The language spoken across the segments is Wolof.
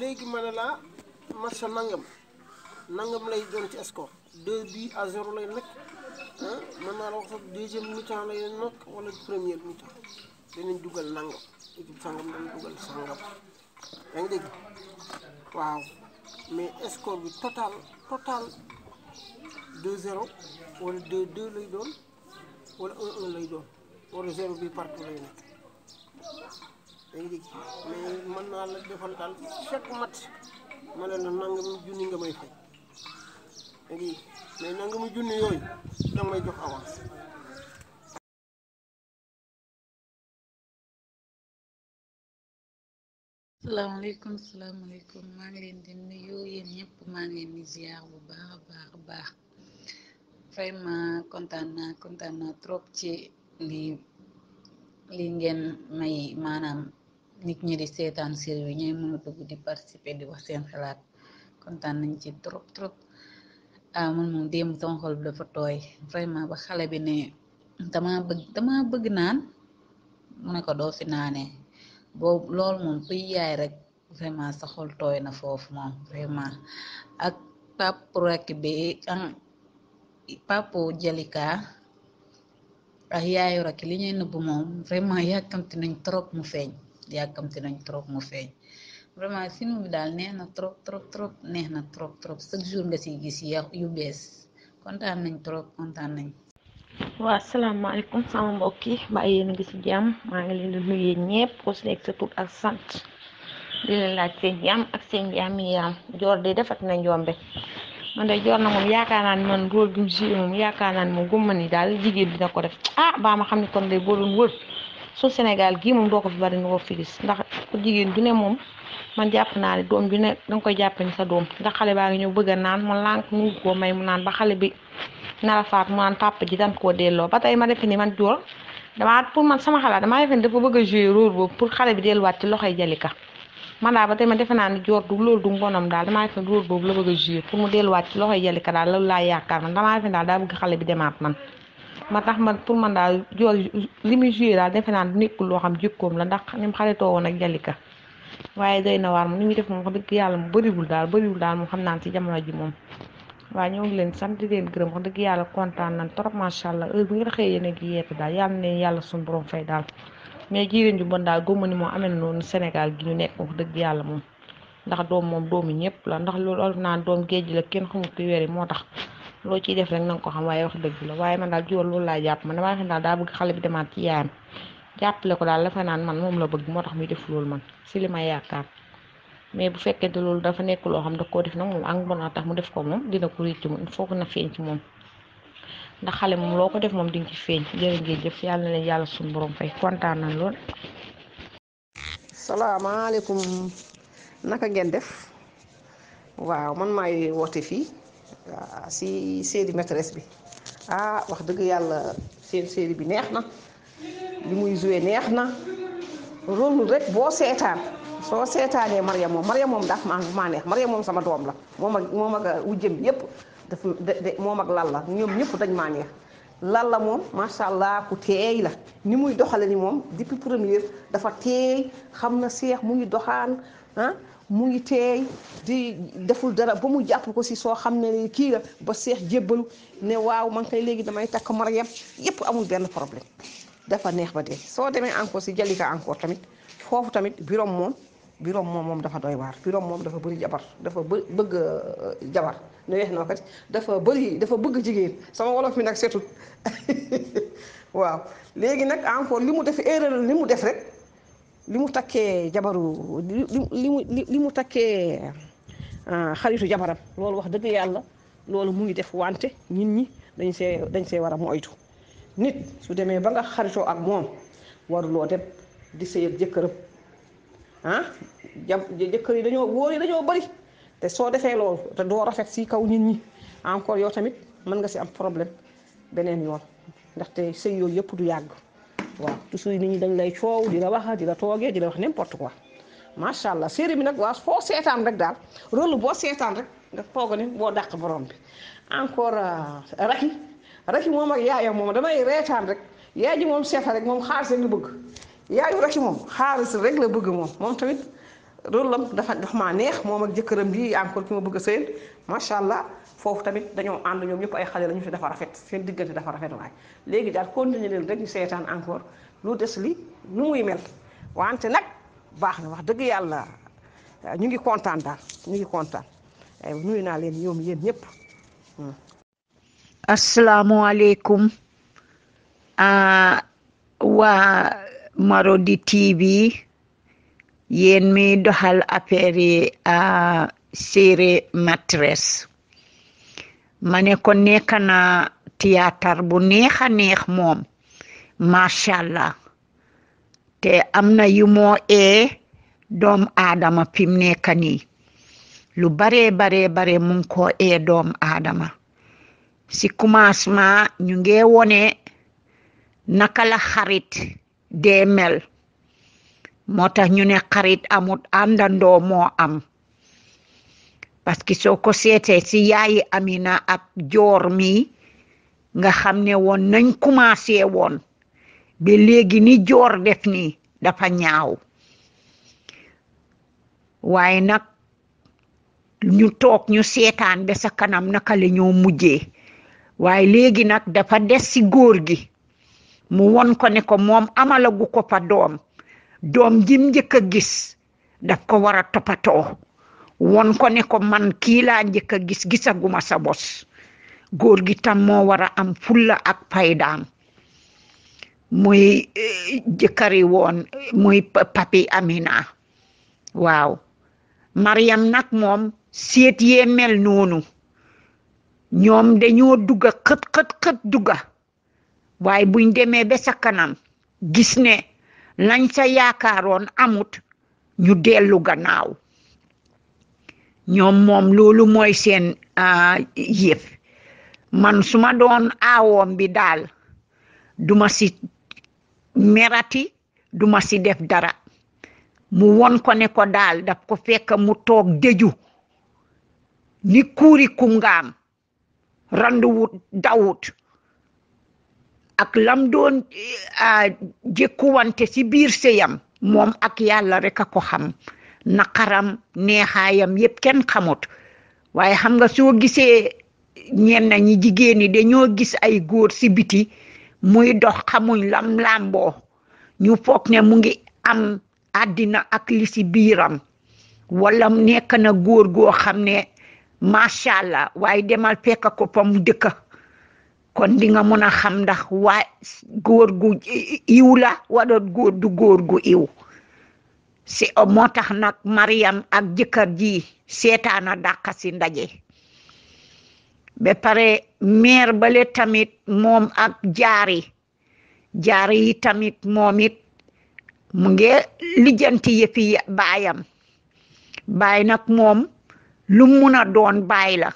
léegi ma ne laa match nangam nangam lay doon ci score deux bi à zéro lay nekk ah mën naa la wax sax deuxième mi lay nekk wala première mi-temps dinañ dugal nangam équipe sangam dinañ dugal sangam yaa ngi dégg waaw mais score bi total total 2-0 wala 2-2 lay doon wala 1-1 lay doon wala 0 bi partout lay nekk. da nga dégg mais mën naa la defal daal chaque mat ma ne la nangamu junni nga may fay da nga dégg mais nangamu junni yooyu danga may jox avance. salaamaaleykum salaamaaleykum maa ngi leen di nuyu yéen ñëpp maa ngi leen di ziar bu baax a baax a baax vraiment kontaan naa kontaan naa trop ci lii lii ngeen may maanaam nit ñi di seetaan série yi ñooy mën a dugg di participer di wax seen xalaat kontaan nañ ci trop trop ah man moom démb sama xol dafa tooy vraiment ba xale bi ne dama bëgg dama bëgg naan mu ne ko doo fi naanee boobu loolu moom kuy yaay rek vraiment saxol xol tooy na foofu moom vraiment ak papu rek bi ah, papu Jalika ak ah, yaayu rek li ñuy nëbb moom vraiment yàkkamti nañ trop mu feeñ. yàkkamti nañ trop mu feeñ vraiment film bi daal neex na trop trop trop neex na trop trop chaque jour nga siy gis yu bees kontaan nañ trop kontaan nañ. waa asalaamaaleykum sama mbokk yi mbaa yéen a ngi si jàmm maa ngi leen di ñëpp ku ak sant di leen laaj seen jàmm ak seen jàmm yi yaam joor de defat na njombe man de joor na moom yaakaar naa ne man rôle bi mu joué moom yaakaar naa ne ni daal jigéen dina ko def ah baa ma xam ne kon de boo wër. su Sénégal gii moom doo ko fi bari ni ko fi ndax ku jigéen du ne moom man jàpp naa ne doom ju ne danga koy jàppe ni sa doom ndax xale baa ngi ñëw bëgg a naan mu lànk mu ngi koo may mu naan ba xale bi nara faat mu naan papa ji dan koo delloo ba tey ma defe ni man joor damaa pour man sama xalaat damaa defe ni dafa bëgg a jouer rôle boobu pour bi delluwaat ci loxoy jalika man daal ba tey ma defe naa ni joor du loolu du ngonam daal damaa defe ni rôle boobu la bëgg a jouer pour mu delluwaat ci loxoy jalika laa yaakaar man damaa defe daa bëgg xale bi demaat man ma tax man pour ma daal joor li muy joué daal defe naa loo xam jikkoom la ndax ni mu xaritoo woon ak Jalika waaye doy na waar moom ni muy def moom wax yàlla mu bëriwul daal bëriwul daal moom xam naan ci jamono ji moom waa ñoo ngi leen sant di gërëm wax dëgg yàlla kontaan nañ trop macha allah heure bu ngeen xëyee yéen a ngi yeete daal yàlla na leen yàlla suñu borom fay daal mais jigéen ju bon daal góob ni moo amee noonu Sénégal gi ñu nekk wax dëgg yàlla moom ndax doom moom doomi ñëpp la ndax loolu naan doom géej la kenn xamul ku wéri moo tax loo ciy def rek na nga ko xam waaye wax dëgg la waaye man daal jiwal loolu laa jàpp man damaa defe daal daa bëgg xale bi demaat ci yaayam jàppale ko daal dafa naan man moom la bëgg moo tax muy def loolu man li ma yaakaar mais bu fekkente loolu dafa nekk loo xam da koo def nag moom ak mbon a mu def ko moom dina ko réccu moom il na feeñ ci moom ndax xale moom loo ko def moom di ci feeñ jërë ngeen jëf yàlla na leen yàlla suñu borom fay kontaan nañ lool. salaamaaleykum naka ngeen def waaw man maay woote fii. waaw si série maîtresse bi ah wax dëgg yàlla seen série bi neex na li muy joué neex na rôle rek boo seetaan soo seetaanee Maria moom Maria moom daaf maa maa neex Maria moom sama doom la moom ak moom ak wujjëm bi yëpp daf moom ak Lalla ñoom ñëpp dañ maa neex Lalla moom macha allah ku teey la ni muy doxale ni moom depuis première dafa teey xam na seex mu ngi doxaan ah. mu ngi teey di deful dara ba mu jàpp ko si soo xam ne kii la ba seex jébbalu ne waaw man kay léegi damay takk Mariam yépp amul benn problème dafa neex ba dee soo demee encore si Jalika encore tamit foofu tamit birom moom buroom moom moom dafa doy waar birom moom dafa bëri jabar dafa bëgg euh, jabar ne weex noo kat dafa bëri dafa bëgg jigéen sama wolof mi nag setul waaw léegi nag encore li mu def erreur li mu def rek li mu takkee jabaru li mu li mu takkee ah, xaritu jabaram loolu wax dëgg yàlla loolu mu ngi def wante nit ñi dañ see dañ see war a moytu nit su demee ba nga xaritoo ak moom waruloo dem di sëyal jëkkëram ah ja jëkkër yi dañoo góor yi dañoo bëri te soo defee loolu te doo rafet si kaw nit ñi encore yow tamit mën nga si am problème beneen yoon ndaxte sëy yooyu yëpp du yàgg waaw toujours nit ñi dañ lay coow di la wax la toogee di la wax n'importe quoi macha allah série bi nag waaw foo seetaan rek daal rôle boo seetaan rek nga foog ne boo daq borom bi encore Racky euh, Racky moom ak yaayam moom damay reetaan rek yaay ji moom seeta rek moom xaalis rek la bëgg yaayu Racky moom xaalis rek la bëgg moom moom tamit rôle am dafa dafa maa neex moom ak jëkkëram ji encore ki ma bëgg a sëyal macha allah. foofu tamit dañoo ànd ñoom ñëpp ay xale la ñu te dafa rafet seen diggante dafa rafet waaye léegi daal continuer leen rek ñu seetaan encore lu des li nu mel wante nag baax na wax dëgg yàlla euh, ñu ngi kontaan daal ñu ngi kontaan nuyu naa leen ñoom yéen ñëpp. Hmm. asalaamualeykum ah, waa Marodi TV yéen mi doxal affaire yi ah, séeréer ma ne ko nekk na théâtre bu neex a neex moom macha allah te am na yu moo doom aadama pim nekk nii lu baree baree bare mu ngi doom aadama si commencement ñu ngi wone naka la xarit dee mel moo tax ñu ne xarit amut àndandoo moo am parce que soo ko seetee si yaayi Amina ak joor mi nga xam ne woon nañ commencé woon ba léegi ni joor def nii dafa ñaaw waaye nag ñu toog ñu seetaan ba sa kanam naka la ñoo mujjee waaye léegi nag dafa des si góor gi mu won ko ne ko moom amalagu ko fa doom doom jim njëkk a gis daf ko war a toppatoo won ko ne ko man kii laa njëkk a gis gisaguma sa bos góor gi tam moo war a am fulla ak paydaam muy eh, jëkkari woon muy papi Amina waaw Mariam nag moom seet yee mel noonu ñoom dañoo dugga xët xët xët dugga waaye buñ demee ba sakanam gis ne lañ sa yaakaaroon amut ñu dellu gannaaw ñoom moom loolu mooy seen ah, yëf man suma doon aawoom bi daal duma si merati duma si def dara mu won ko ne ko daal daf ko fekk mu toog dëju ni kuuri kungaam randuwut dawut ak lam doon ah, jëkkuwante si biir sëyam moom ak yàlla rek a ko xam naqaram neexaayam yëpp kenn xamut waaye xam nga soo gisee ñenn ñi jigéen ñi dañoo gis ay góor si biti muy dox xamuñ lam làmboo ñu foog ne mu ngi am àddina ak li si biiram wala nekk na góor goo xam ne macha allah waaye demal fekk ko fa kon di nga mën a xam ndax waa góor gu iw la wala góor gu iw si oh, moo tax nag Mariam ak jëkkër ji seetaana dàq si ndaje be pare meer bale tamit moom ak jaari jaari yi tamit moom it mu ngi lijjanti yëfi baayam baay nag moom lu mun a doon baay la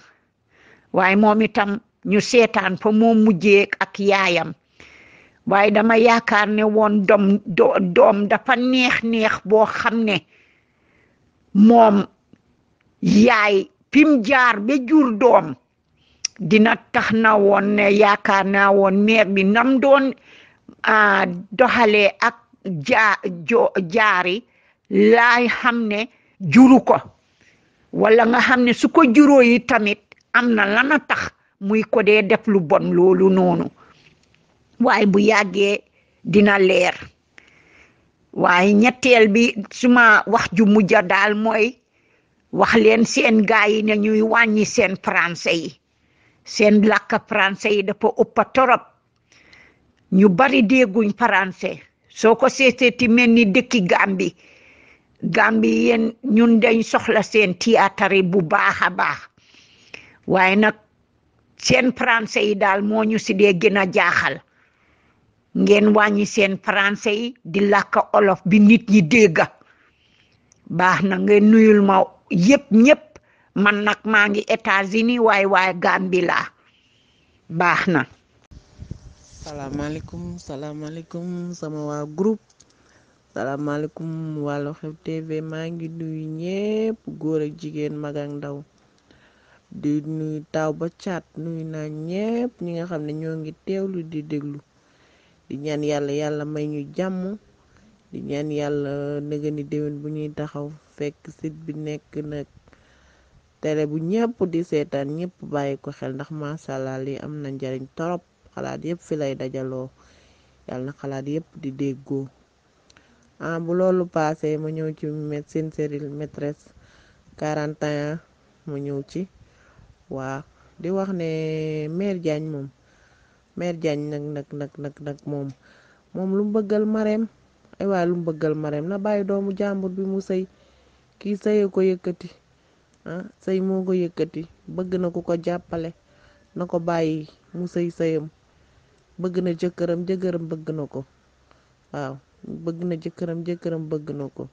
waaye moom itam ñu seetaan fa mu mujjee ak yaayam waaye dama yaakaar ne woon doom doom dafa neex neex boo xam ne moom yay pim jaar ba jur doom dina tax na woon ne yaakaar naa woon meer bi nam doon doxale ak jaari lay xam ne juru ko wala nga xam ne su ko juróo yi tamit am na lana tax muy ko deflu bon loolu noonu waaye bu yàggee dina leer waaye ñetteel bi suma wax ju mujj daal mooy wax leen seen gaay yi ne ñuy wàññi seen français yi seen làkk français yi dafa ëpp torop ñu bari dégguñ français soo ko seetee ti mel ni dëkki Gàmbi Gàmbi yéen ñun dañ soxla seen théâtre bu baax a baax waaye nag seen français yi daal moo ñu si dee gën a jaaxal ngeen wàññi seen français yi di làkk olof bi nit ñi dégga baax na ngeen nuyul ma yépp ñëpp man nag maa ngi États-Unis waaye waaye Gambie laa baax na salaamaaleykum salaamaaleykum sama waa groupe salaamaaleykum waa Lu Xew TV maa ngi nuyu ñëpp góor ak jigéen mag ndaw di nuyu taaw ba caat nuyu naa ñëpp ñi nga xam ne ñoo ngi teewlu di déglu di ñaan yàlla yàlla may ñu jàmm di ñaan yàlla nëgëni déwén bu ñuy taxaw fekk site bi nekk nag télé bu ñëpp di seetaan ñëpp bàyyi ko xel ndax macha allah lii am na njariñ torop xalaat yëpp fi lay dajaloo yàlla na xalaat yëpp di déggoo ah bu loolu paasee ma ñëw ci seen série maîtresse 41 ma ñëw ci waa di wax ne mère Diagne moom mère Diagne nag nag nag nag nag moom moom lu mu bëggal mareem ay waaye lu mu bëggal mareem na bàyyi doomu jàmbur bi mu sëy kii sëye ko yëkkati ah sëy moo ko yëkkati bëgg na ko ko jàppale na ko bàyyi mu sëy sëyam bëgg na jëkkëram jëkkëram bëgg na ko waaw bëgg na jëkkëram jëkkëram bëgg na ko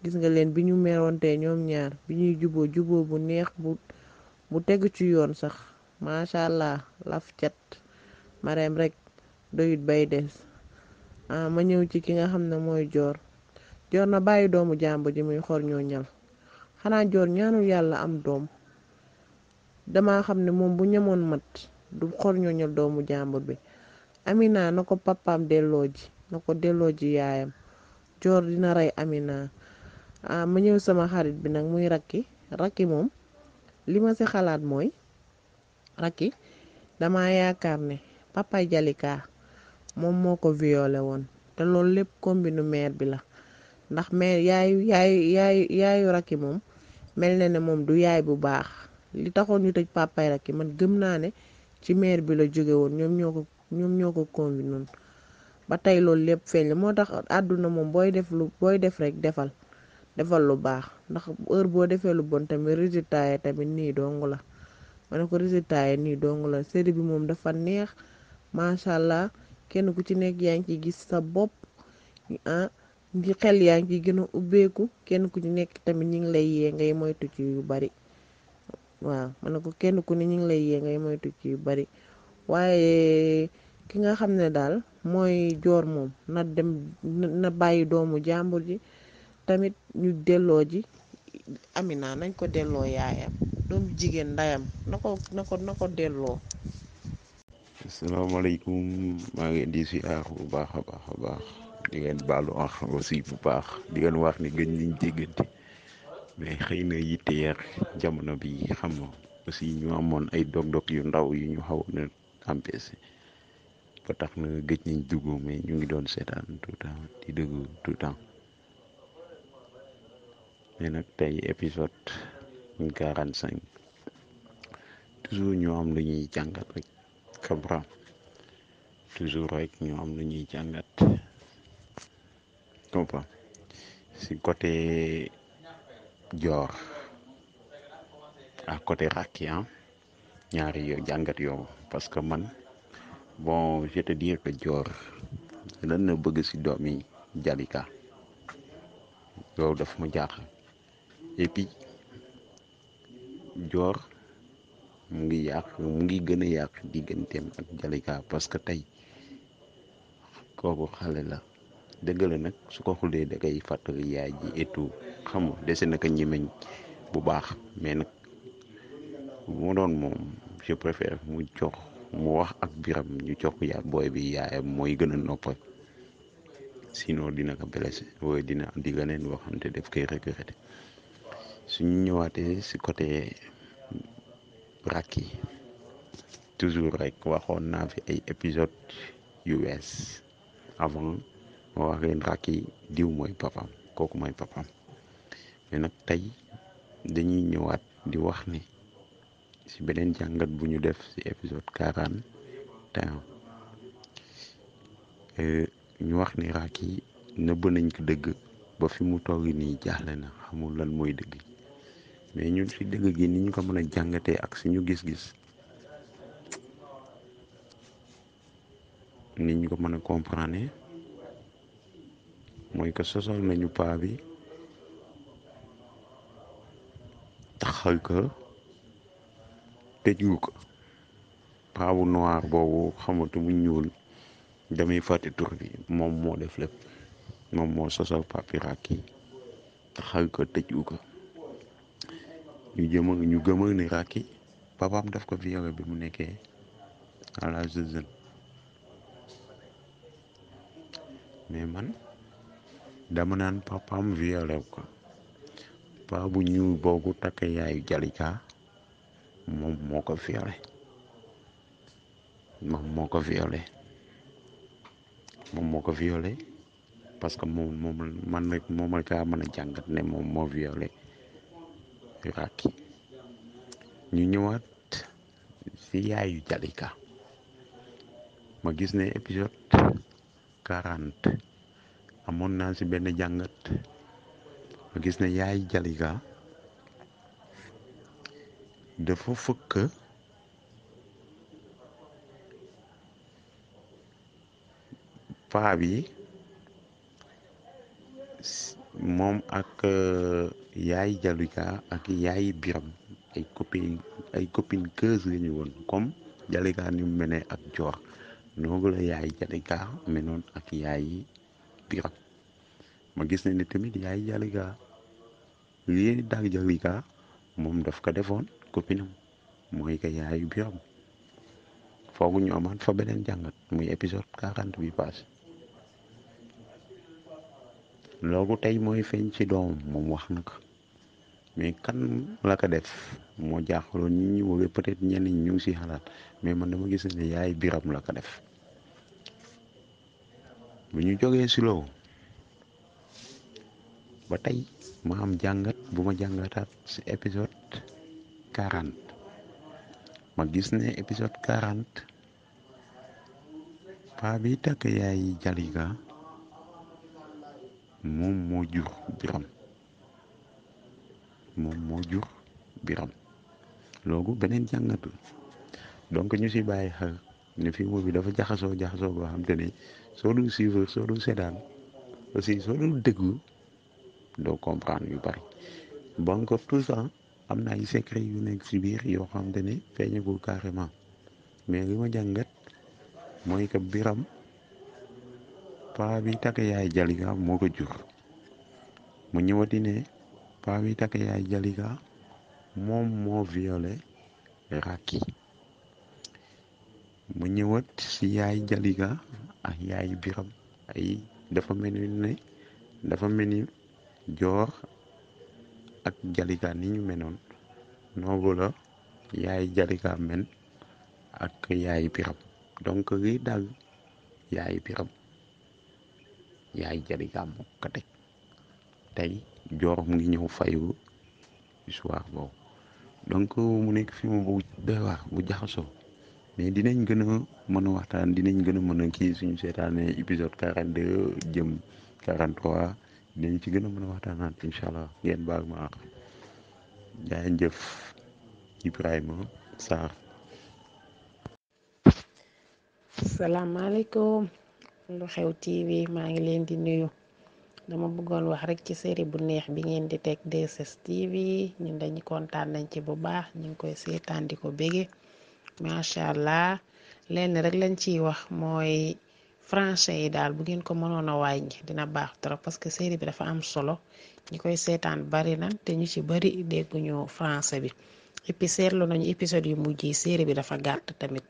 gis nga leen bi ñu merontee ñoom ñaar bi ñuy juboo juboo bu neex bu bu tegu ci yoon sax macha allah laf cet mareem rekk doyut bay des ah, ma ñëw ci ki nga xam ne mooy joor joor na bàyyi doomu jàmbur ji muy xor ñoo ñal xanaa joor ñaanul yàlla am doom dama xam ne moom bu ñamoon mat du xor ñoo doomu jàmbur bi amina na ko papaam delloo na ko delloo ji yaayam joor dina rey amina ah, ma ñëw sama xarit bi nag muy rakki rakki moom li ma ci xalaat mooy rakki dama yaakaar ne papa Jalika moom moo ko violé woon te loolu lépp combinu maire bi la ndax maire yaayu yaayu yaayu yaayu rakki moom mel na ne moom du yaay bu baax li taxoon ñu tëj papay rakki man gëm naa ne ci maire bi la jóge woon ñoom ñoo ko ñoom ñoo ko combine ba tey loolu lépp feeñ la moo tax àdduna moom booy def lu booy def rek defal defal lu baax ndax heure boo defee lu bon tamit résultat yi tamit nii dong la ma ne ko résultat yi nii dong la série bi moom dafa neex macha allah kenn ku ci nekk yaa ngi ciy gis sa bopp ah xel yaa ngi ci gën a ubbeeku kenn ku ci nekk tamit ñu ngi lay yee ngay moytu ci yu bari waaw ma kenn ku ne ñu ngi lay yee ngay moytu yu bari waaye ki nga xam ne daal mooy joor moom na dem na bàyyi doomu jàmbur ji tamit ñu delloo ji Amina nañ ko delloo yaayam doomu jigéen ndayam na ko na ko na ko delloo asalaamaaleykum maa ngi di siyaar bu baax a baax a baax di ngeen baalu àq aussi bu baax di ngeen wax ni gëj nañ déggante mais xëy na yitte yeex jamono bi xam nga aussi ñu amoon ay dog-dog yu ndaw yu ñu xaw na empêché ba tax na gëj nañ dugg mais ñu ngi doon seetaan tout temps di dëgg tout temps mais nag tey épisode quarante cinq toujours ñu am lu ñuy jàngat rek. kabra toujours rek ñu am lu ñuy jàngat si côté joor a côté rakki ah, ñaari yo jàngat yow parce que man bon je te dire que joor lan na bëgg si doomi jalika loolu daf ma jaaxal et puis joor mu ngi yàq mu ngi gën a yàq digganteem ak Jalika parce que tey kooku xale la dëgg nag su ko xulee da koy fàttali yaay ji et xam nga dese na ko ñemeñ bu baax mais nag mu doon moom je préfère mu jox mu wax ak biram ñu jox yaa booy bi yaayam mooy gën a si sinon dina ko blessé wala dina andi leneen loo xam te daf koy regretté suñu ñëwaatee si côté. Racky toujours rek waxoon naa fi ay épisode yu wees avant ma wax leen diw mooy papam kooku mooy papam mais nag tey dañuy ñëwaat di wax ni si beneen jàngat bu ñu def si épisode quarante et un euh, ñu wax ni Racky nëbb nañ ko dëgg ba fi mu toog nii jaaxle na xamul lan mooy dëgg mais ñun ci dëgg gi ni ñu ko mën a jàngatee ak suñu gis-gis ni ñu ko mën a comprendre mooy que sosal nañu paa bi taxal ko tëju ko noir boobu xamatu mu ñuul damay fàtte tur bi moom moo def lépp moom moo sosal papiraak yi taxal ko tëju ko ñu jëm ñu gëm a ne rakki papaam daf ko violé bi mu nekkee à l'âge de jeune mais man dama naan papaam violé ko paa bu ñuul boobu takk yaayu Jalika moom moo ko violé moom moo ko violé moom moo ko violé parce que moom moom man rek moom rek mën a jàngat ne moom moo violé Irak ñu ñëwaat si yaayu Jalika ma gis ne épisode quarante amoon naa si benn jàngat ma gis ne yaayu Jalika dafa fëkk paa moom ak. Euh, yaay Jalika ak yaay Biram ay copines ay copines keuse kom ñu Jalika ni mu mel ne ak Joor noonu la yaay Jalika amee ak yaay Biram ma gis ne ni tamit yaay Jalika lii daal Jalika moom daf ko defoon copine am mooy que yaayu Biram foogu ñu amaat beneen jàngat muy épisode quarante bi passé loolu tey mooy feeñ ci doomam moom wax na ko mais kan la ko def moo jaaxaloon nit ñi woowee peut-être ñenn ñi siy xalaat mais man dama gis ne yaay biram la ko def bu ñu jogee si loolu ba tey ma am jàngat bu ma jàngataat si épisode quarante ma gis ne épisode quarante paa bi takk yaay Jalika moom moo biram moom moo jur biram loogu beneen jàngat la donc ñu si bàyyi xel ne film bi dafa jaxasoo jaxasoo boo xam te ne soo dul suivre soo aussi soo dul déglu doo comprendre yu bari ba encore am na ay secret yu nekk si biir yoo xam te ne feeñagul carrément mais li ma jàngat mooy que biram paa bi takk yaay jaliga moo ko jur mo ñëwati ne paa bi takk yaay Jalika moom moo violé Racky mu ñëwaat si yaay Jalika ak yaay Biram ay dafa mel ni ne dafa mel ni joor ak Jalika ni ñu menoon noobu la yaay Jalika men ak yaay Biram donc li daal yaay Biram yaay Jalika moo ko teg tey joor mu ngi ñëw fayu histoire boobu donc mu nekk film bu doy waar bu jaxasoo mais dinañ gën a mën a waxtaan dinañ gën a mën a kii suñu seetaanee épisode quarante deux jëm quarante trois dinañ ci gën a mën a waxtaanaat incha allah ngeen baal ma àq jaay jëf Ibrahima Sarr. salaamaaleykum lu xew TV maa ngi leen dama bëggoon wax rek ci série bu neex bi ngeen di teg 2STV ñun dañu kontaan nañ ci bu baax ñu ngi koy seetaan di ko bége macha allah lenn rek lañ ci wax mooy français yi daal bu ngeen ko mënoon a wàññi dina baax trop parce que série bi dafa am solo ñi koy seetaan bari na te ñu ci bari dégguñu français bi et seetlu nañu épisode yu mujj yi série bi dafa gàtt tamit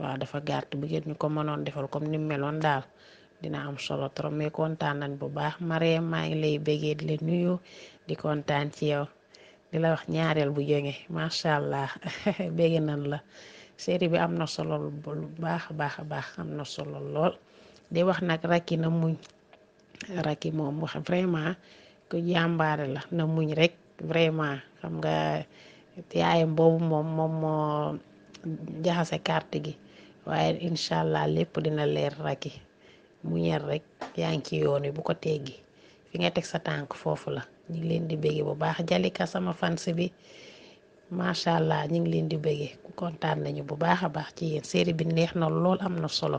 waaw dafa gàtt bu ngeen ñu ko mënoon defal comme ni meloon daal. dina am solo trop mais kontaan nañ bu baax Marème maa ngi lay bégee di nuyu di kontaan ci yow di la wax ñaareel bu jóge macha allah bégee nañ la série bi am na solo lu baax a baax a baax am na solo lool di wax nag rakki na muñ rakki moom wax vraiment ku jàmbaare la na muñ rek vraiment xam nga yaayam boobu moom moom moo jaxase carte gi waaye incha allah lépp dina leer rakki mu ñer rek yaa ngi ci yoon yi bu ko teggi fi nga teg sa tànk foofu la ñu ngi leen di bége bu baax Jalika sama fans bi macha allah ñu ngi leen di bége kontaan nañu bu baax a baax ci yéen série bi neex na lool am na solo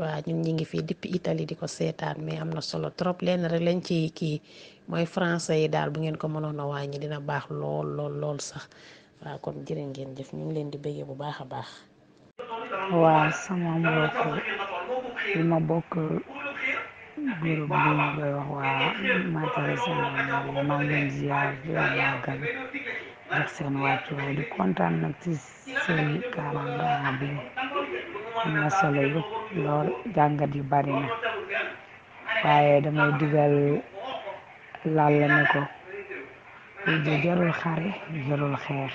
waaw ñun ñi ngi fii depuis Italie di ko seetaan mais am na solo trop lenn rek lañ ci kii mooy français yi daal bu ngeen ko mënoon a wàññi dina baax lool lool sax waaw kon jërë ngeen jëf ñu ngi leen di bége bu baax a baax. waaw sama mbokk li ma bokk groupe bi waa matériel Sénégal yi maa ngi leen di leen màggal jox seen wàccuwaay di kontaan nag ci seen quarante ans bi am na solo yëpp lool jàngat yu bari na waaye damay digal Lalla ne ko de jarul xare jarul xeex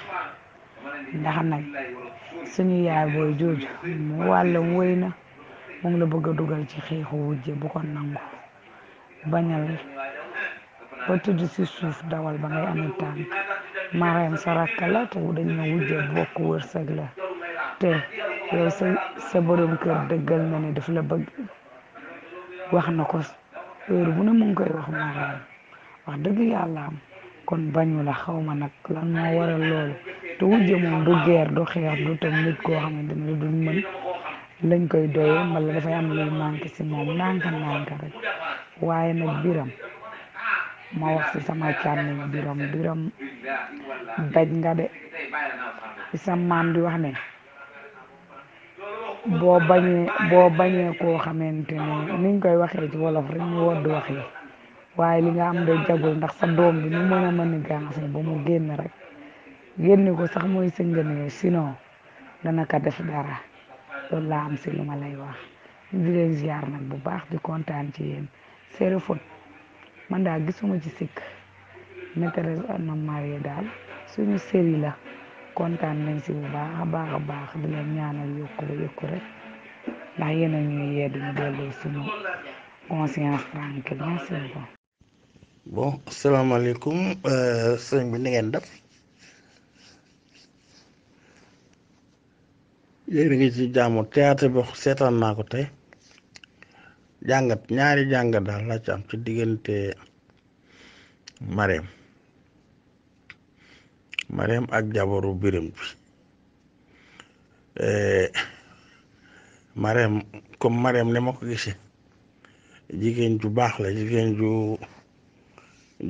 ndax nag suñu yaay booy jooju mu wàllam wéy na moom la bëgg a dugal ci xeexu wujje bu ko nangu bañal ba tëdd suuf dawal ba ngay amee tànk mareem sa rakk la te dañ na wujje bokk wërsëg la te yow sa sa borom kër dëggal na ne daf la bëgg wax na ko bu na mu ngi koy wax mareem wax dëgg yàlla am kon bañu la xaw ma nag lan moo waral loolu te wujje moom du geer du xeex du tam nit koo xamante du mën lañ koy doy mbala dafay am luy manqué si moom ndànka rek waaye nag biram ma wax si sama càmmiñ biram biram daj nga de ci sa maam di wax ne boo bañee boo bañee koo xamante ne niñ koy waxee ci wolof rek ñu di wax yi waaye li nga am de jagul ndax sa doom bi nu mën a mën a gàncax ba mu génn rek génne ko sax mooy sa ngëneel sinon dana ko def dara loolu laa am si lu ma lay wax di leen nag bu baax di kontaan ci yéen Serifone man daa gisuma ci sikk maîtresse d'un homme daal suñu série la kontaan nañ si bu baax baax baax di leen ñaanal yokku ba yokku rek ndax yéen a ñuy yeddu ñu delloo suñu conscience tranquille merci beaucoup. bon asalaamaaleykum euh, sëñ bi ni ngeen def. yéen a ngi ci jaamu théâtre bi seetaan naa ko tey jàngat ñaari jàngat daal laa ci am ci diggante Marème Marème ak jabaru Biram bi eh, Marème comme Marème ni ma ko gisee jigéen ju baax la jigéen ju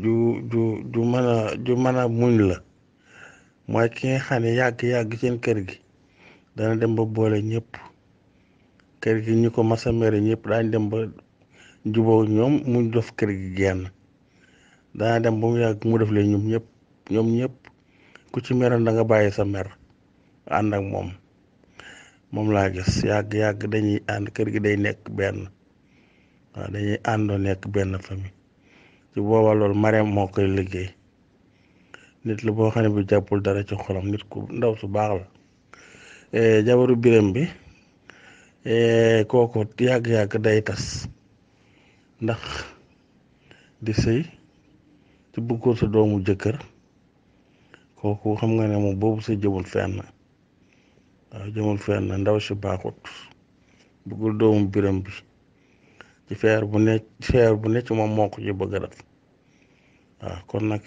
ju ju ju mën a ju muñ la mooy ki nga xam ne yàgg-yàgg seen kër gi dana dem ba boole ñëpp kër gi ñu ko mas a mere ñëpp daañ dem ba juboo ñoom mu def kër gi genn dana dem ba mu yàgg mu def leen ñoom ñëpp ñoom ñëpp ku ci meroon danga bàyyi sa mer ànd ak moom moom laa gis yàgg-yàgg dañuy ànd kër gi day nekk benn waaw dañuy àndoo nekk benn famille ci booba loolu Marème moo koy liggéey nit la boo xam ne bi jàppul dara ci xolam nit ku ndaw su baax la Eh, jabaru biram bi eh, kooku yàgg-yàgg day tas ndax di sëy ci bëggoon sa doomu jëkkër kooku xam nga ne moom boobu sëy jëmul fenn waaw jëmul fenn ndaw si baaxut bëggul doomu biram bi ci feer bu ne feer bu ne ci moom moo ko ci a kon nag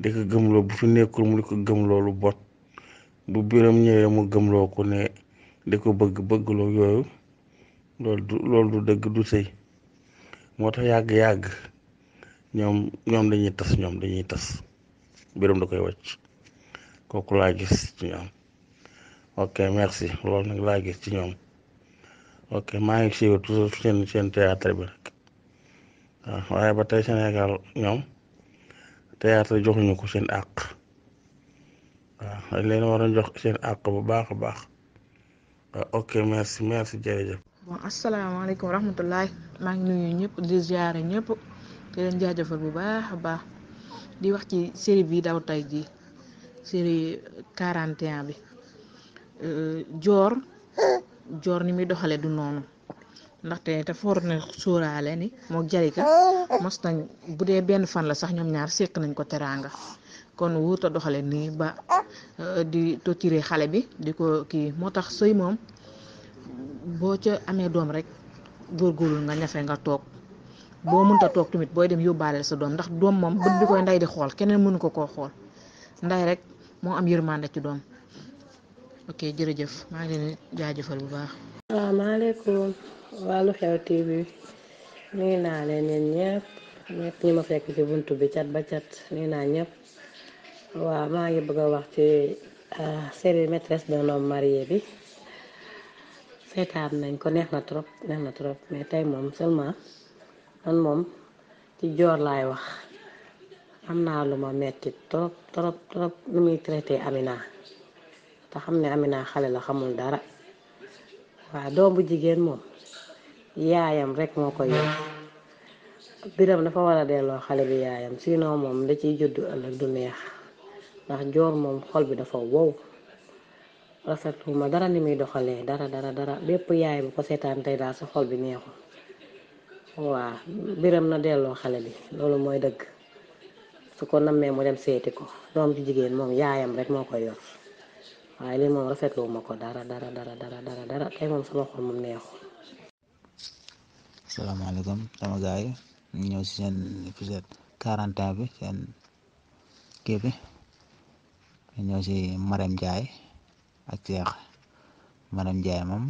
di ko gëmloo nekkul mu di ko gëmloo lu bot bu biram ñëwee mu gëmloo ko ne di ko bëgg bëggloo yooyu loolu du loolu du dëgg du sëy moo tax yàgg-yàgg ñoom ñoom dañuy tas ñoom dañuy tas biram da koy wàcc kooku laa gis ci ñoom ok merci loolu nag laa gis ci ñoom ok maa ngi suivre toujours seen seen théâtre bi rek ah, waaye ba tey Sénégal ñoom théâtre joxuñu ko seen àq waaw dañ leen waroon jox seen àq bu baax a baax waaw ok merci merci jërëjëf. bon asalaamaaleykum wa rahmatulah maa ngi nuyu ñëpp di ziare ñëpp di leen jaajëfal bu baax a baax di wax ci série bi daw tey jii série 41 bi euh, joor joor ni muy doxale du noonu ndaxte te foor na sóoraale ni moo jarika mos nañ bu dee benn fan la sax ñoom ñaar sekk nañ ko teraanga. kon wuuta doxale nii ba euh, di totiré xale bi di ko kii moo tax sëy moom boo ca amee doom rek góor góorgóorlu nga ñafe nga toog boo mënta toog tamit booy dem yóbbaale sa doom ndax doom moom bët bi koy ndey di xool keneen mënu ko koo xool nday rek moo am yërmande ci doom ok jërëjëf maa ngi leen jaajëfal bu baax. waaw maaleykum wàllu xew TV nuyu naa leen yéen ñëpp ma fekk ci buntu bi cat ba cat nuyu naa ñëpp. waaw maa ngi bëgg a wax ci euh, série maîtresse d'un homme marié bi seetaan nañ ko neex na trop neex na trop mais tey moom seulement man moom ci joor laay wax am naa lu ma metti trop trop trop nu muy traité Amina te xam ne Amina xale la xamul dara waaw doom bu jigéen moom yaayam rek moo ko yor biram dafa war a delloo xale bi yaayam sinon moom da ciy juddu ëllëg du neex ndax joor moom xol bi dafa wow rafetlu ma dara ni muy doxalee dara dara dara bépp yaay bu ko seetaan tey daal sa xol bi neexul waa biram na delloo xale bi loolu mooy dëgg su ko namee mu dem seeti ko doom ci jigéen moom yaayam rek moo koy yor waaye lii moom rafetlu ko dara dara dara dara dara dara tey moom sama xol moom neexul. salaamaaleykum sama gars yi ñëw si seen épisode 41 bi seen kii ñoo ci Marème Ndiaye ak Cheikh Marème Ndiaye moom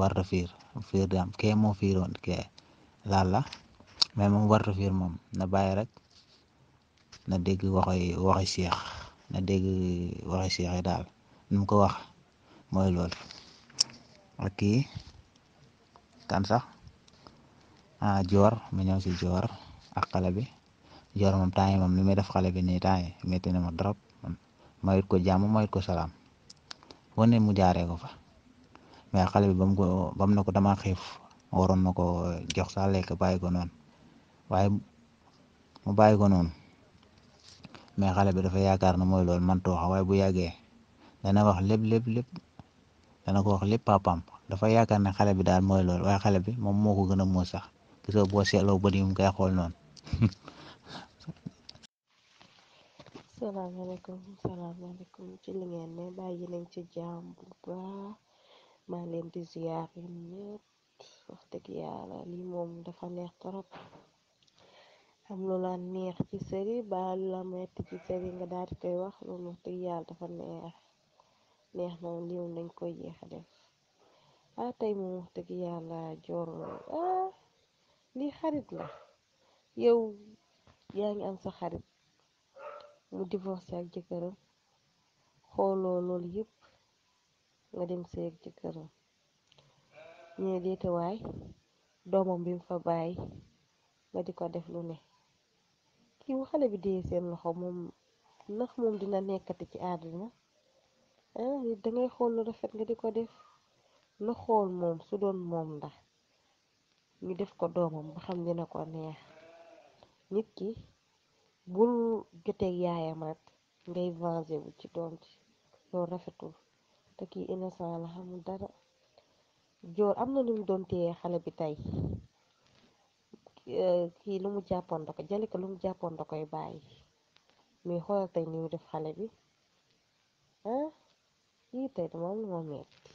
warta fiir fiir daam kee moo fiiroon kee laal la mais moom warta fiir moom na bàyyi rek na dégg waxi waxi Cheikh na dégg waxi Cheikh yi daal nu mu ko wax mooy lool ak kii kan sax ah joor mu ñëw si joor ak xale joor moom temps moom li muy def xale bi nii temps ne métti na mayut ko jàmm mayut ko salaam wane mu jaaree ko fa mais xale bi bam ko bam na ko dama xiif waroon na ko jox sa lekk bàyyi ko noonu waaye mu bàyyi ko noon mais xale bi dafa yaakaar na mooy loolu man tooxa waaye bu yàggee dana wax lépp lépp lépp dana ko wax lépp papaam dafa yaakaar ne xale bi daal mooy lool waaye xale bi moom moo ko gën a muus sax gisoo boo seetloo bët yi mu koy xool noonu salaamaaleykum salaamaaleykum ci li ngeen ne bàyyi nañ ci jaam bu baax maa leen di ziar yéen wax dëgg yàlla lii moom dafa neex trop am lu la neex ci sëri ba lu la metti ci sëri nga daal koy wax loolu wax dëgg yàlla dafa neex neex na lii moom dañ koy yéex a def ah tey moom wax dëgg yàlla joor ah lii xarit la yow yaa ngi am sa xarit mu divorcé ak jëkkëram xooloo loolu yépp nga dem sey ak jëkkëram ñu ne deetewaay doomam bi mu fa bàyyi nga di ko def lu ne kii bu xale bi dee seen loxo moom ndax moom dina nekkati ci àddina ah dangay xool lu rafet nga di ko def na xool moom su doon moom ndax ñu def ko doomam ba xam dina ko neex nit ki bul joteeg yaayam rek ngay venger wu ci doom ci rafetul te kii innocent la xamul dara joor am na lu mu doon xale bi tey eh, kii lu mu jàppoon da jalika lu mu jàppoon da koy bàyyi mais xoolal tey ni xale bi ah yii tey moom moo metti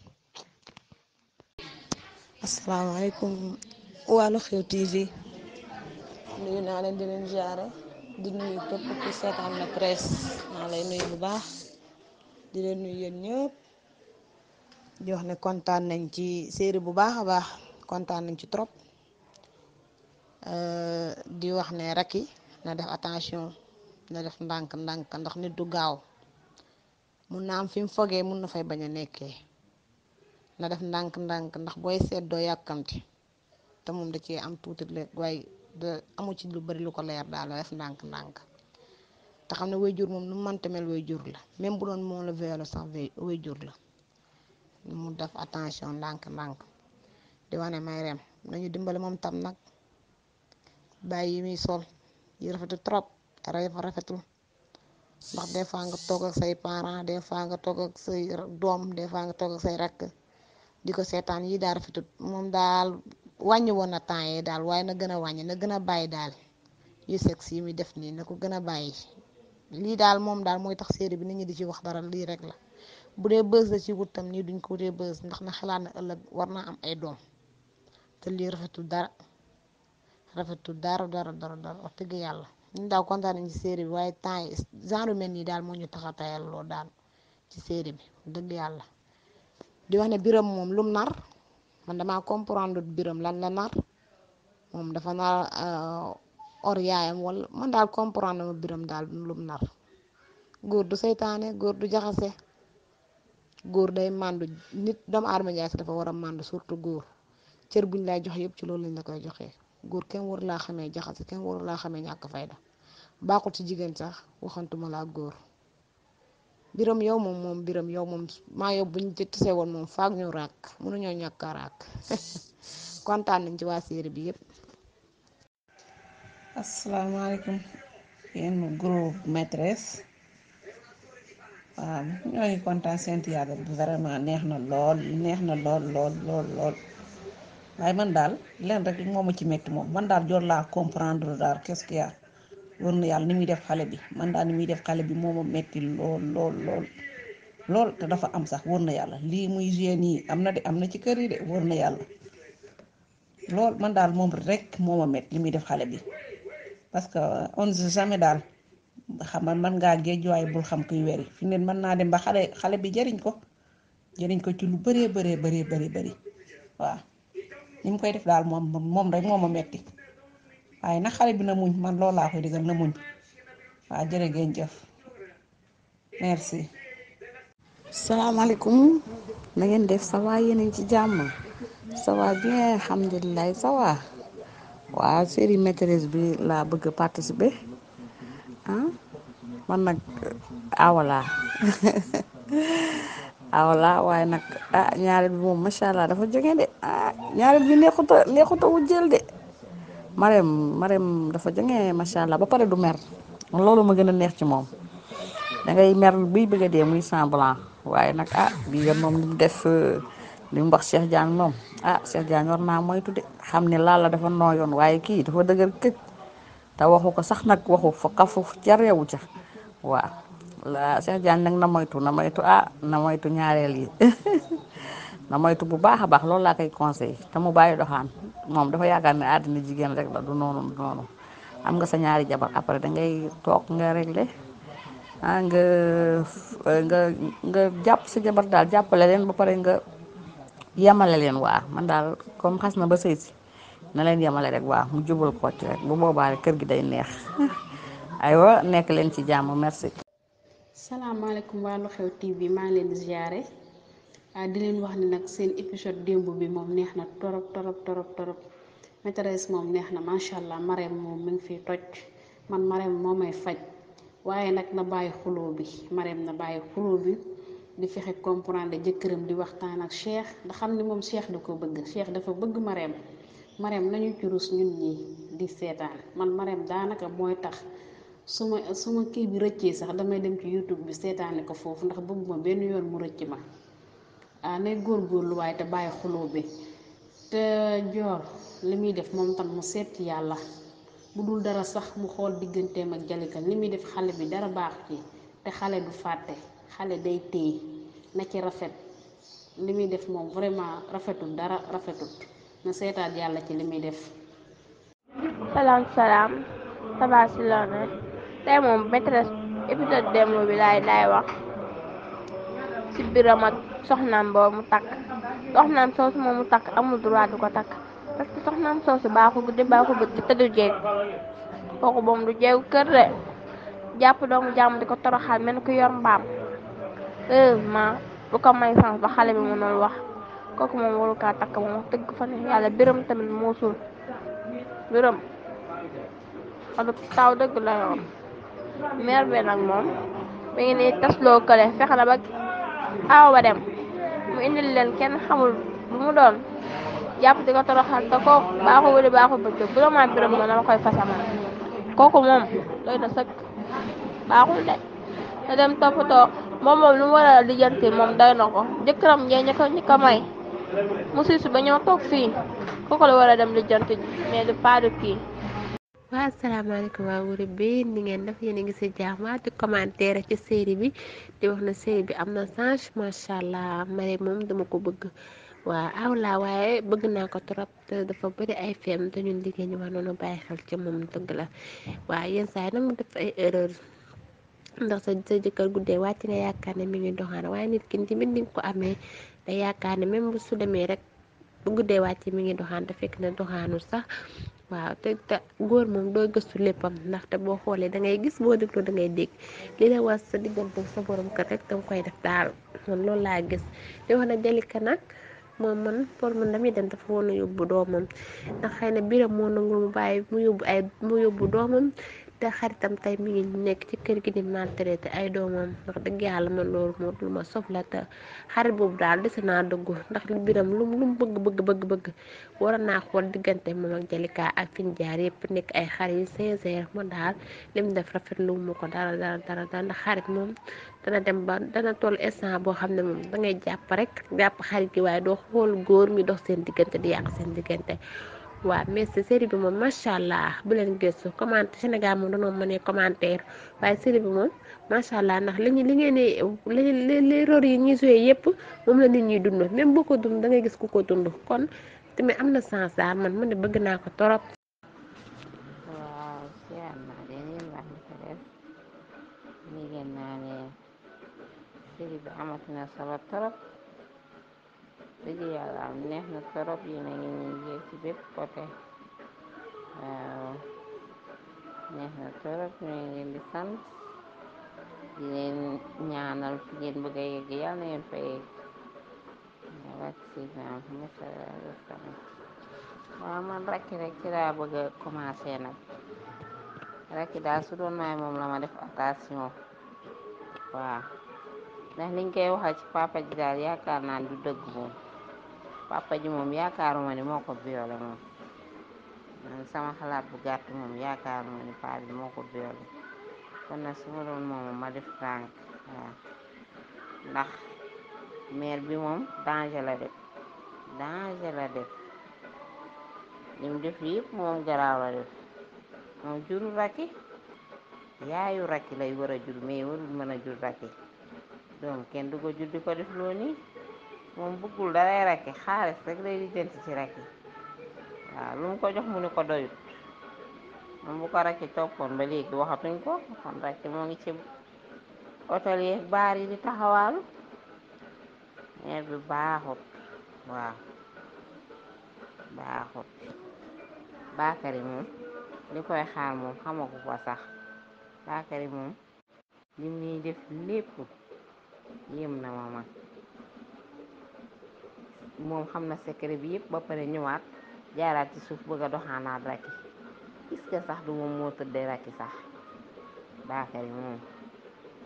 asalaamaaleykum wàllu xew TV nuyu naa leen di leen ziare di nuyu képp ku seetaan na presse maa lay nuyu bu baax di leen nuy yéen ñëpp di wax ne kontaan nañ ci série bu baax a baax kontaan nañ ci trop euh, di wax ne Racky na def attention na def ndànk ndànk ndax nit du gaaw mun na am fi mu fogee mun na fay bañ a nekkee na def ndànk ndànk ndax booy seet doo yàkkamti te moom da cee am tuuti rek waaye de amu ci lu bari lu ko leer daal def ndànk-ndànk te xam ne wayjur moom nu mënta mel wayjur la même bu doon moom la violé sax wayjur la mu def attention ndànk-ndànk di wane may rem nañu dimbali moom tam nag bàyyi yi muy sol yi rafetu trop rayfa rafetul ndax des fois nga toog ak say parents des fois nga toog ak say doom des fois nga toog ak say rakk di ko seetaan yi daa rafetul moom daal wàññi woon na temps yi daal waaye na gën a wàññi na gën a bàyyi daal yu sexe yi muy def nii na ko gën a bàyyi lii daal moom daal mooy tax série bi nit ñi di ci wax dara lii rek la bu dee bës la tam nii duñ ko wutee bës ndax na xalaat na ëllëg war naa am ay doom te lii rafetul dara rafetul dara dara dara dara wax dëgg yàlla ñun daal kontaan nañ ci série bi waaye temps yi genre mel nii daal moo ñu tax a tayal loo daal ci série bi dëgg yàlla di wax ne biram moom lum nar man damaa comprendre biram lan la nar moom dafa nar euh, or yaayam wala man daal comprendre ma biram daal lum nar góor du seytaane góor du jaxase góor day màndu nit doomu aadama njaay si dafa war a màndu surtout góor cër buñ lay jox yëpp ci loolu lañ la koy joxee góor kenn waru laa xamee jaxase kenn waru laa xamee ñàkk fayda baaxul ci jigéen sax waxantuma laa góor biram yow moom moom biram yow moom maa yow bu ñu tisee woon moom faag ñu raak mënuñoo ñàkk a raak kontaan nañ ci waa série bi yëpp. asalaamaaleykum yéen groupe maîtresse waaw ñoo ngi kontaan sant yàlla vraiment neex na lool neex na lool lool lool waaye man daal leen rek moom ma ci métti moom man daal jor laa comprendre daal quest wër na yàlla ni muy def xale bi man daal ni muy def xale bi moo ma metti lool lool lool lool te dafa am sax wër na yàlla lii muy jeunes yi am na de am na ci kër yi de wër na yàlla lool man daal moom rek moo ma muy def xale bi parce que on daal xam man man ngaa géej waaye xam kuy weri fi neen mën naa dem ba xale xale bi jariñ ko jëriñ ko ci lu bëree bëree bëree bëri bëri waaw koy def daal moom moom rek metti waaye nag xale bi na muñ man loolu laa koy digal na muñ waaw jërë ngeen jëf merci. salaamaaleykum na ngeen def ça va a ngi ci jàmm ça va bien alhamdulilah ça va waaw série bi laa bëgg a participer ah man nag awala awala waaye nag ah ñaareel bi moom macha allah dafa jógee de ah, ñaareel bi neexut a neexut a de. Marème Marème dafa jëngee macha la ba pare du mer loolu ma gën a neex ci moom da ngay mer buy bëgg dee muy semblant waaye nag a ah, bii yoon moom li def euh, li mu wax Cheikh Diagne moom ah Cheikh Diagne war moytu de xam ne laala dafa nooyoon waaye kii dafa dëgër këj te waxu ko sax nag waxu fa kafu ca réewu ca waaw la Cheikh Diagne nag na moytu na moytu ah na moytu ñaareel yi. na moytu bu baax a baax loolu laa kay conseil te mu bàyyi doxaan moom dafa yaakaar ne àddina jigéen rek la du noonu du noonu am nga sa ñaari jabar après dangay toog nga réglé ah nga nga jàpp sa jabar daal jàppale leen ba pare nga yemale leen waa man daal comme xas na ba sëy si na leen yemale rek waa mu jubal ko rek bu boobaa kër gi day neex aywa nekk leen ci jàmm merci. salaamaaleykum waa Lu Xew TV maa leen di Ah, di leen wax ni nag seen épisode démb bi moom neex na torop torop torop torop moom neex na macha allah Marème moom mu ngi fiy toj man Marème moo may faj waaye nag na bàyyi xuloo bi Marème na bàyyi xuloo bi di fexe comprendre jëkkëram di waxtaan ak Cheikh da xam ni moom Cheikh da ko bëgg Cheikh dafa bëgg Marème Marème nañu ci rus ñun ñi di seetaan man Marème daanaka mooy tax su ma su ma kii bi rëccee sax damay dem ci YouTube bi seetaani ko foofu ndax bëgguma benn yoon mu rëcc ma ah nay góorgóorlu waaye te bàyyi xuloo bi te joor li muy def moom tam mu seet yàlla bu dul dara sax mu xool digganteem ak Jalika li muy def xale bi dara baax ci te xale du fàtte xale day téye na ci rafet li muy def moom vraiment rafetul dara rafetut na seetaat yàlla ci li muy def. salaam salaam sabaa si la tey moom maîtresse épisode démb bi laay laay wax si biram ak soxnaam boobu mu takk soxnaam soosu moom mu takk amul droit du ko takk parce que soxnaam soosu baaxu guddi baaxu bëgg te kooku moom du jeegu kër de jàpp doomu jàmm di ko toroxal mel ko yor mbaam heureusement bu ko may sens ba xale bi mënul wax kooku moom waru kaa takk moom wax fa ne yàlla biram tamit muusul biram wala taw dëgg la meer bi nag moom mi ngi nii tasloo kële fexe na ba awa ba dem indil leen kenn xamul bu mu doon jàpp di ko toroxal te kooku baaxu wala baaxu bu la maa biram ma dama koy fasamal kooku moom doy na sëkk baaxul de te dem toppatoo moom moom lu mu war a lijjanti moom doy na ko jëkkëram njee ñi ko may mu siisu ba ñëw toog fii kooku la war dem lijjanti mais du pas du kii waa asalaamaaleykum waa wuri bi ni ngeen def yéen a ngi si jàmm di commentaire ci seeri bi di wax na série bi am na change macha allah mare moom dama ko bëgg waa aw waaye bëgg naa ko trop dafa bëri ay feem te ñun liggéey ñu war noonu bàyyi xel ci moom dëgg la waaye yenn saa yi nag mu def ay erreur ndax sa sa jëkkër guddee wàcc na yaakaar mi ngi doxaan waaye nit ki tamit ni ko amee da yaakaar ne même bu su demee rek bu guddee wàcc mi ngi doxaan te fekk na doxaanu sax waaw te te góor moom doo gëstu léppam ndaxte boo xoolee da ngay gis boo déglu da ngay dégg li la war sa diggante sa borom kër rek danga koy def daal man loolu laa gis di wax na Jalika nag moom man pour man damay dem dafa woon a yóbbu doomam ndax xëy na biram moo nangu mu bàyyi mu yóbbu ay mu yóbbu doomam te xaritam tey mi ngi nekk ci kër gi di maltraité ay doomam ndax dëgg yàlla man loolu moo lu ma sof la xarit boobu daal dese naa dëggu ndax li biram lu mu lu mu bëgg bëgg bëgg bëgg waroon naa xool diggante moom ak Jalika ak fi ñu jaar yëpp nekk ay xarit yu sincère ma daal lim def rafetlu ma ko dara dara dara dara ndax xarit moom dana dem ba dana toll instant boo xam ne moom dangay jàpp rek jàpp xarit gi waaye doo xool góor mi dox seen diggante di seen diggante. waaw merci série bi moom macha allah bu leen gëstu commenté Sénégal moom dañoo mën a commentaire waaye série bi moom macha allah ndax li ñu li ngeen di les yi ñuy joué yëpp moom la nit ñuy dund même ko dund da ngay gis ku ko dund kon tamit am na sens daal man mu bëgg naa ko torop. waaw torop. dëgg yàlla am neex na torop yéen a ngi ñuy yéeg ci bépp côté waaw neex na torop ñu ngi leen di sant di leen ñaanal fi ngeen bëgg a yegg yàlla na ngeen fa yegg wa sallam waaw man rakki rek ci bëgg a commencé nag rakki daal su doon maay moom la ma def attention waaw ndax liñ koy waxal ci papa ji daal yaakaar naa du dëgg moom papa ji moom yaakaaruma ni moo ko violé moom man sama xalaat bu gàtt moom yaakaaruma ni paa bi moo ko violé kon nag su doon moom ma def tànk ndax mère bi moom danger la def danger la def li mu def yëpp moom garaaw la def moom juru rakki yaayu rakki lay war a jur mais warul mën a jur rakki doom kenn du jur di ko def loo nii moom bëggul daray rakki xaalis rek lay lijjanti ci rakki waaw lu mu ko jox mu ni ko doyut moom bu ko rakki toppoon ba léegi waxatuñ ko kon rakki moo ngi ci hôtel yi baar yi di taxawaalu meer bi baaxut waaw baaxut baakari moom li koy xaar moom xamagu ko sax baakari moom li muy def lépp yéem na ma moom xam na secret bi yépp ba pare ñëwaat jaaraat ci suuf bëgg a doxaanaat rakki est-ce sax du moom moo tëddee rakki sax baakari moom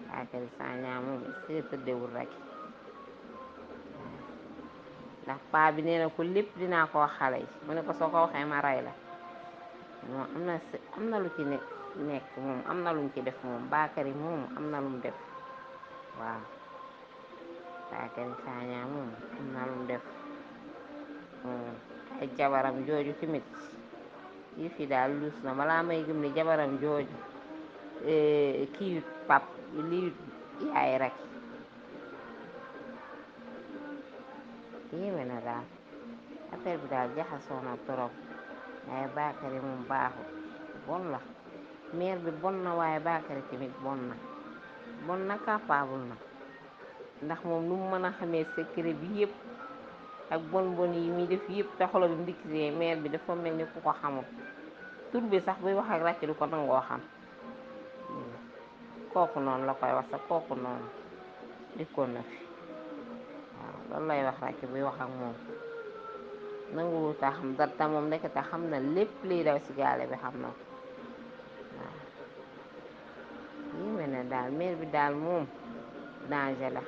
baakari saañaa moom est-ce que ndax paa bi nee lépp dinaa ko wax xale mu ne ko soo ko waxee la am na lu ci nekk moom na lum ci def moom moom am na lum def waaw baakari def ay jabaram jooju tamit yi fi daal luus na balaa ma gëm ne jabaram jooju eh, kii yut pap liyut yaay rek yéeme na daal affaire bi daal jaxasoo na torop waaye Bakary moom baaxul bon la meer bi bon na waaye Bakary tamit bon na bon na capable na ndax moom nu mu mën a xamee secret bi yëpp ak bon bon yi muy def yëpp te xolo bi mu dikkisee bi dafa mel ni ku ko xamul tur bi sax buy wax ak ràcc ko nangoo xam hmm. kooku noonu la koy wax sax kooku noonu dikkoon na fi waaw loolu lay wax ràcc buy wax ak moom nanguwu ta xam dara moom nekk xam na lépp liy daw si gaale bi xam na ko waaw yéeme na daal maire bi daal moom danger la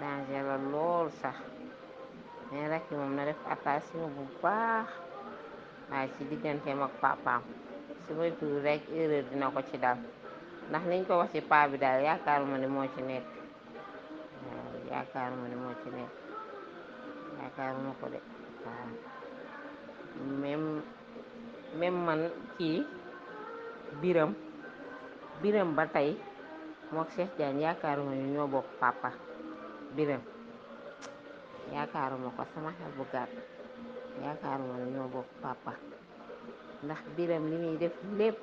danger la lool sax mais rakk moom na def attention bu baax waaye ci digganteem ak papaam su may tu rek erreur dina ko ci dal ndax liñ ko wax ci paa bi daal yaakaaruma ne moo ci nekk yaakaar yaakaaruma ne moo ci nekk yaakaaruma ko de waaw même même man kii biram biram ba tey mook Cheikh Diagne yaakaaruma ne ñoo bokk papa biram yaakaaruma ko sama xel bu gàtt yaakaaruma ne ñoo bokk papa ndax biram li muy def lépp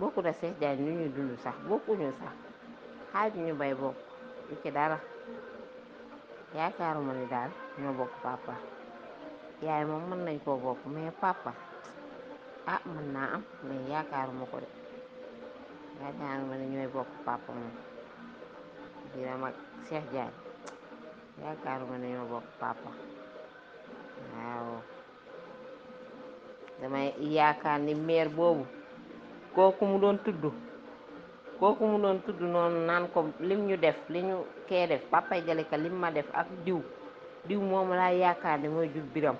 bokku da seex jaañ nu ñu dund sax bokkuñu sax xaaju ñu bay bokk du ci dara yaakaaruma ni daal ñoo bokk papa yaay moom mën nañ koo bokk mais papa ah mën naa am mais yaakaaruma ko de yaakaaruma ne ñooy bokk papa moom biram ak seex jaañ yaakaaruma ne ñoo bokk papa waaw damay yaakaar ni meer boobu kooku mu doon tudd kooku mu doon tudd noonu naan ko lim ñu def li ñu kee def papay Jalika lim ma def ak diw diw moom laa yaakaar ne moo jur biram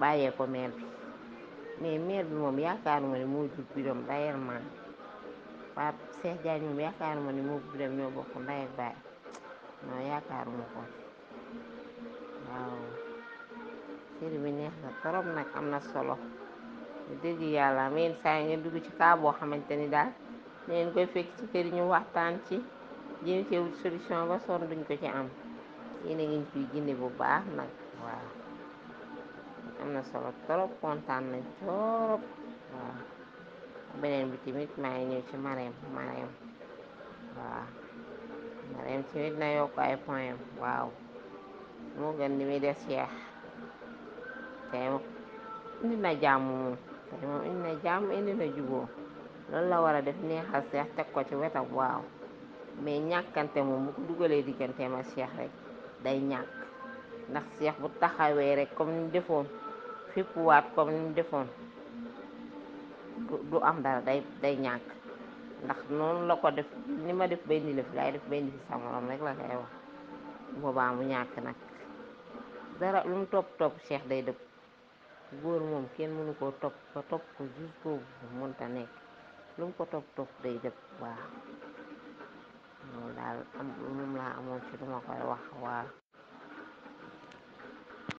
bàyyee ko meer bi mais meer bi moom yaakaaruma ne moo jur biram réellement Pape Cheikh Diagne moom yaakaaruma ne moo jur biram ñoo bokk ndey ak baay non yaakaaruma ko waaw sér bi neex na torop nag am na solo dëgg yàlla meen saa yi ngeen dugg ci kaa boo xamante ni daal ngeen ko fekk ci kër ñu waxtaan ci jéem ci wut solution ba sonn duñ ko ci am yéen a ngi ciy gindi bu baax nag am na solo kontaan nañ beneen bi tamit maa ngi ci mareem mareem waaw mareem tamit na yokk ay point waaw moo gën li muy def Cheikh tey indi na jàmm moom tey moom indi na jàmm indi na juboo loolu la war a def neexal seex teg ko ci wetam waaw mais ñàkkante moom bu ko dugalee digganteem a Cheikh rek day ñàkk ndax Cheikh bu taxawee rek comme ni defoon fippuwaat comme ni defoon du am dara day day ñàkk ndax noonu la ko def ni ma def ba indi la fi laay def ba indi fi rek la koy wax boobaa mu ñàkk nag dara lu mu topp topp cheikh day dëpp góor moom kenn mënu koo topp ba topp ko jusqu'au bout mënta nekk lum ko topp topp day dëpp waaw loolu daal am moom laa amoon ci lu koy wax waaw